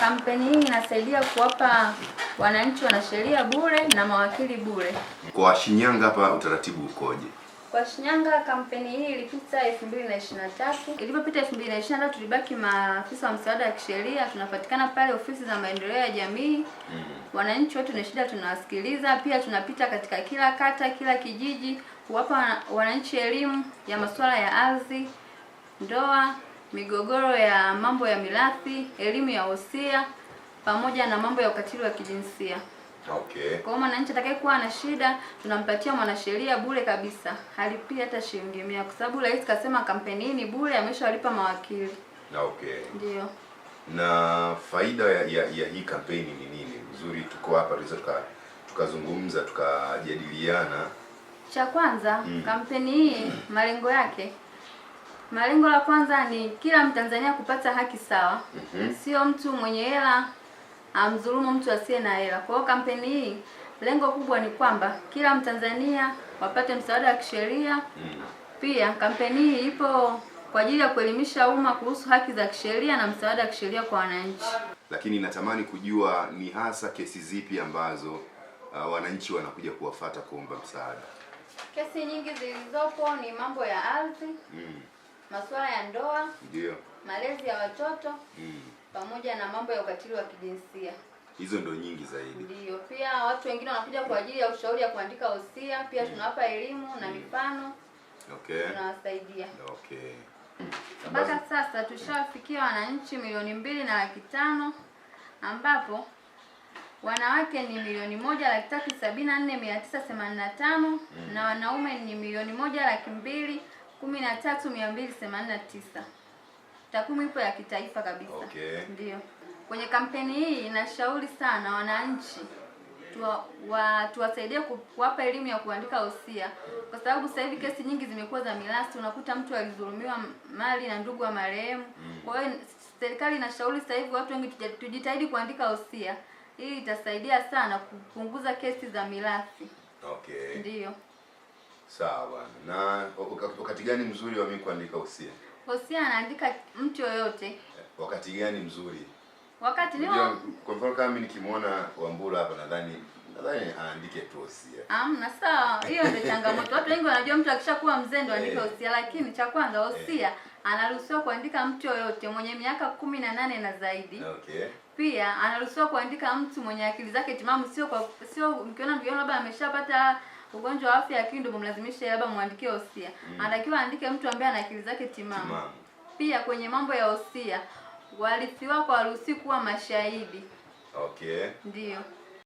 Kampeni hii inasaidia kuwapa wananchi wanasheria bure na mawakili bure. Kwa Shinyanga hapa utaratibu ukoje? Kwa Shinyanga kampeni hii ilipita 2023. Ilipopita 2023 tulibaki maafisa wa msaada wa kisheria, tunapatikana pale ofisi za maendeleo ya jamii. Mm. Wananchi wote na shida tunawasikiliza, pia tunapita katika kila kata, kila kijiji kuwapa wananchi elimu ya masuala ya ardhi, ndoa migogoro ya mambo ya mirathi, elimu ya wosia pamoja na mambo ya ukatili wa kijinsia. Okay. Kwa hiyo mwananchi atakayekuwa na shida tunampatia mwanasheria bure kabisa, halipi hata shilingi mia, kwa sababu rais kasema kampeni hii ni bure, ameshawalipa mawakili. Okay. Ndio. Na faida ya, ya, ya hii kampeni ni nini? Nzuri, tuko hapa tunaweza tuka tukazungumza tukajadiliana. Cha kwanza mm. kampeni hii malengo yake Malengo la kwanza ni kila Mtanzania kupata haki sawa. mm -hmm. Sio mtu mwenye hela amdhulumu mtu asiye na hela. Kwa hiyo kampeni hii lengo kubwa ni kwamba kila Mtanzania wapate msaada wa kisheria. mm. Pia kampeni hii ipo kwa ajili ya kuelimisha umma kuhusu haki za kisheria na msaada wa kisheria kwa wananchi. Lakini natamani kujua ni hasa kesi zipi ambazo uh, wananchi wanakuja kuwafata kuomba msaada? Kesi nyingi zilizopo ni mambo ya ardhi. mm masuala ya ndoa, ndio malezi ya watoto mm. pamoja na mambo ya ukatili wa kijinsia hizo ndo nyingi zaidi. Ndio, pia watu wengine wanakuja kwa ajili ya ushauri ya kuandika hosia, pia mm. tunawapa elimu na mm. mifano okay. tunawasaidia okay. Mpaka sasa tushawafikia wananchi milioni mbili na laki tano ambapo wanawake ni milioni moja laki tatu sabini na nne mia tisa themanini na tano mm. na wanaume ni milioni moja laki mbili kumi na tatu mia mbili themanini na tisa. Takwimu ipo ya kitaifa kabisa. Okay. Ndio. Kwenye kampeni hii inashauri sana wananchi tuwasaidie wa, kuwapa elimu ya kuandika hosia, kwa sababu sasa hivi kesi nyingi zimekuwa za mirathi. Unakuta mtu alizulumiwa mali na ndugu wa marehemu. Mm. Kwa hiyo serikali inashauri sasa hivi watu wengi tujitahidi kuandika hosia, hii itasaidia sana kupunguza kesi za mirathi. Okay. Ndio. Sawa Na wakati gani mzuri wa mimi kuandika usia? Usia anaandika mtu yoyote. Wakati gani mzuri? Wakati ni kwa mfano kama mimi nikimwona Wambura hapa nadhani nadhani aandike tu hosia. Hamna sawa. Hiyo ndio changamoto. Watu wengi wanajua mtu akishakuwa mzee ndio aandike eh. usia, lakini cha kwanza hosia eh. anaruhusiwa kuandika mtu yoyote mwenye miaka kumi na nane na zaidi. Okay. Pia anaruhusiwa kuandika mtu mwenye akili zake timamu, sio kwa sio mkiona mkiona labda ameshapata ugonjwa wa afya ya akili ndio umemlazimisha labda muandikie hosia mm. anatakiwa aandike mtu ambaye ana akili zake timamu pia kwenye mambo ya hosia warithi wako hawaruhusiwi kuwa mashahidi okay ndio